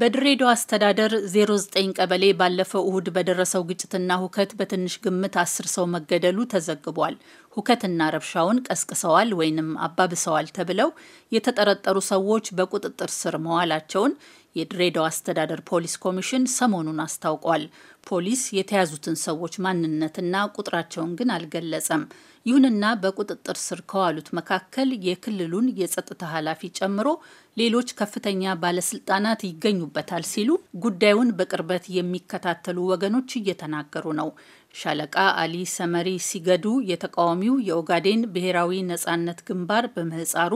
በድሬዳዋ አስተዳደር 09 ቀበሌ ባለፈው እሁድ በደረሰው ግጭትና ሁከት በትንሽ ግምት አስር ሰው መገደሉ ተዘግቧል። ሁከትና ረብሻውን ቀስቅሰዋል ወይንም አባብሰዋል ተብለው የተጠረጠሩ ሰዎች በቁጥጥር ስር መዋላቸውን የድሬዳዋ አስተዳደር ፖሊስ ኮሚሽን ሰሞኑን አስታውቋል። ፖሊስ የተያዙትን ሰዎች ማንነትና ቁጥራቸውን ግን አልገለጸም። ይሁንና በቁጥጥር ስር ከዋሉት መካከል የክልሉን የጸጥታ ኃላፊ ጨምሮ ሌሎች ከፍተኛ ባለስልጣናት ይገኙበታል ሲሉ ጉዳዩን በቅርበት የሚከታተሉ ወገኖች እየተናገሩ ነው። ሻለቃ አሊ ሰመሪ ሲገዱ የተቃዋሚው የኦጋዴን ብሔራዊ ነጻነት ግንባር በምህፃሩ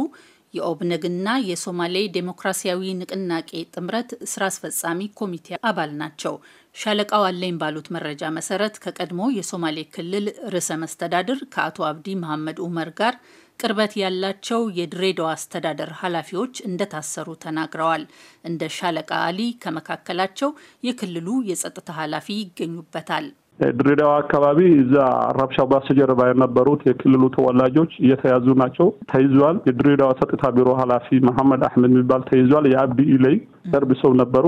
የኦብነግና የሶማሌ ዴሞክራሲያዊ ንቅናቄ ጥምረት ስራ አስፈጻሚ ኮሚቴ አባል ናቸው። ሻለቃው አለኝ ባሉት መረጃ መሰረት ከቀድሞ የሶማሌ ክልል ርዕሰ መስተዳድር ከአቶ አብዲ መሐመድ ኡመር ጋር ቅርበት ያላቸው የድሬዳዋ አስተዳደር ኃላፊዎች እንደታሰሩ ተናግረዋል። እንደ ሻለቃ አሊ ከመካከላቸው የክልሉ የጸጥታ ኃላፊ ይገኙበታል። ድሬዳዋ አካባቢ እዛ ረብሻ በስተጀርባ የነበሩት የክልሉ ተወላጆች እየተያዙ ናቸው። ተይዟል። የድሬዳዋ ጸጥታ ቢሮ ኃላፊ መሐመድ አህመድ የሚባል ተይዟል። የአብዲ ኢሌይ ሰርብ ሰው ነበሩ።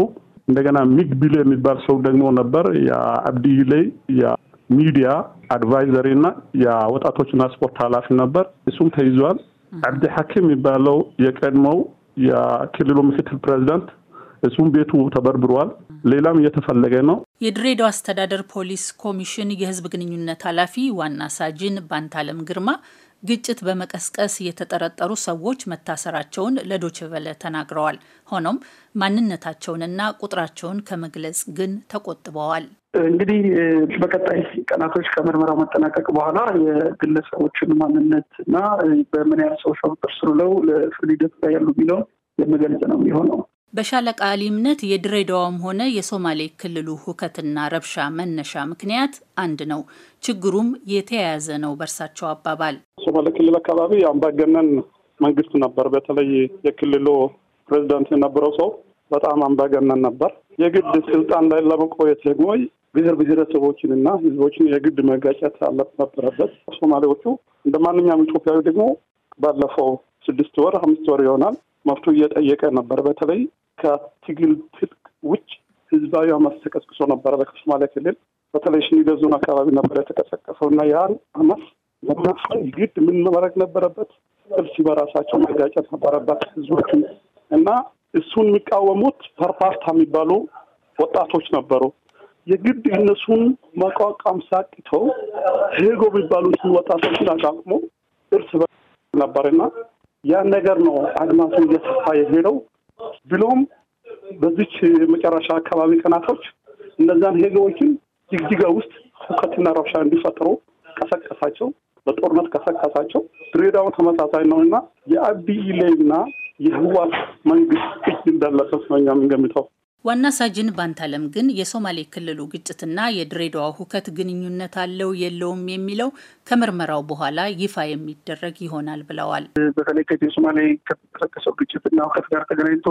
እንደገና ሚግ ቢሎ የሚባል ሰው ደግሞ ነበር። የአብዲ ኢሌይ የሚዲያ አድቫይዘሪ እና የወጣቶችና ስፖርት ኃላፊ ነበር። እሱም ተይዟል። አብዲ ሐኪም የሚባለው የቀድሞው የክልሉ ምክትል ፕሬዚዳንት እሱም ቤቱ ተበርብሯል። ሌላም እየተፈለገ ነው። የድሬዳዋ አስተዳደር ፖሊስ ኮሚሽን የህዝብ ግንኙነት ኃላፊ ዋና ሳጅን ባንታለም ግርማ ግጭት በመቀስቀስ የተጠረጠሩ ሰዎች መታሰራቸውን ለዶችቨለ ተናግረዋል። ሆኖም ማንነታቸውንና ቁጥራቸውን ከመግለጽ ግን ተቆጥበዋል። እንግዲህ በቀጣይ ቀናቶች ከምርመራው መጠናቀቅ በኋላ የግለሰቦችን ማንነት እና በምን ያህል ሰዎች ቁጥር ስር ውለው ለፍርድ ሂደት ላይ ያሉ የሚለውን የመገልጽ ነው የሚሆነው። በሻለቃ አሊምነት የድሬዳዋም ሆነ የሶማሌ ክልሉ ሁከትና ረብሻ መነሻ ምክንያት አንድ ነው። ችግሩም የተያያዘ ነው። በእርሳቸው አባባል ሶማሌ ክልል አካባቢ አምባገነን መንግስት ነበር። በተለይ የክልሉ ፕሬዚዳንት የነበረው ሰው በጣም አምባገነን ነበር። የግድ ስልጣን ላይ ለመቆየት ደግሞ ብሔር ብሔረሰቦችን እና ህዝቦችን የግድ መጋጨት ነበረበት። ሶማሌዎቹ እንደ ማንኛውም ኢትዮጵያዊ ደግሞ ባለፈው ስድስት ወር አምስት ወር ይሆናል መፍቱ እየጠየቀ ነበር። በተለይ ከትግል ትጥቅ ውጭ ህዝባዊ አመፅ ተቀስቅሶ ነበረ በሶማሌ ክልል በተለይ ሽኒዶ ዞን አካባቢ ነበር የተቀሰቀሰው እና ያን አመፅ ለማፈን ግድ ምን መረግ ነበረበት? እርስ በራሳቸው መጋጨት ነበረበት ህዝቦችን እና እሱን የሚቃወሙት ፐርፓርታ የሚባሉ ወጣቶች ነበሩ። የግድ እነሱን መቋቋም ሳቅተው ህጎ የሚባሉትን ወጣቶችን አቃቅሞ እርስ በ ነበርና ያን ነገር ነው አድማሱ እየሰፋ የሄደው። ብሎም በዚች መጨረሻ አካባቢ ቀናቶች እነዛን ሄገዎችን ጅግጅጋ ውስጥ ሁከትና ረብሻ እንዲፈጥሩ ቀሰቀሳቸው፣ በጦርነት ቀሰቀሳቸው። ድሬዳውን ተመሳሳይ ነው እና የአብይ ሌና የህዋት መንግስት እጅ እንዳለበት ነው እኛ የምንገምተው። ዋና ሳጅን ባንታለም ግን የሶማሌ ክልሉ ግጭትና የድሬዳዋ ሁከት ግንኙነት አለው የለውም የሚለው ከምርመራው በኋላ ይፋ የሚደረግ ይሆናል ብለዋል። በተለይ ከዚህ ሶማሌ ከተቀሰቀሰው ግጭትና ሁከት ጋር ተገናኝቶ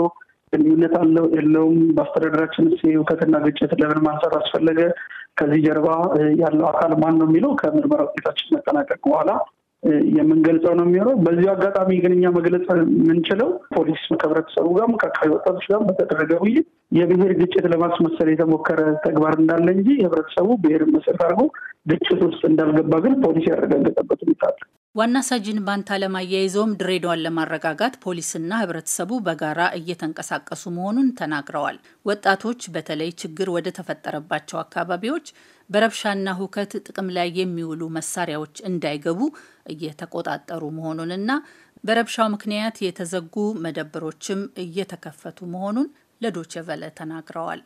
ግንኙነት አለው የለውም፣ በአስተዳደራችን ሁከትና ግጭት ለምን ማንሳት አስፈለገ፣ ከዚህ ጀርባ ያለው አካል ማን ነው የሚለው ከምርመራ ውጤታችን መጠናቀቅ በኋላ የምንገልጸው ነው የሚሆነው። በዚሁ አጋጣሚ ግን እኛ መግለጽ የምንችለው ፖሊስ ከህብረተሰቡ ጋር ከአካባቢ ወጣቶች ጋር በተደረገ ውይይት የብሔር ግጭት ለማስመሰል የተሞከረ ተግባር እንዳለ እንጂ ህብረተሰቡ ብሔር መሰረት አድርጎ ግጭት ውስጥ እንዳልገባ ግን ፖሊስ ያረጋገጠበት ሁኔታ አለ። ዋና ሳጅን ባንታ ለማያይዘውም ድሬዳዋን ለማረጋጋት ፖሊስና ህብረተሰቡ በጋራ እየተንቀሳቀሱ መሆኑን ተናግረዋል። ወጣቶች በተለይ ችግር ወደ ተፈጠረባቸው አካባቢዎች በረብሻና ሁከት ጥቅም ላይ የሚውሉ መሳሪያዎች እንዳይገቡ እየተቆጣጠሩ መሆኑንና በረብሻው ምክንያት የተዘጉ መደብሮችም እየተከፈቱ መሆኑን ለዶቸቨለ ተናግረዋል።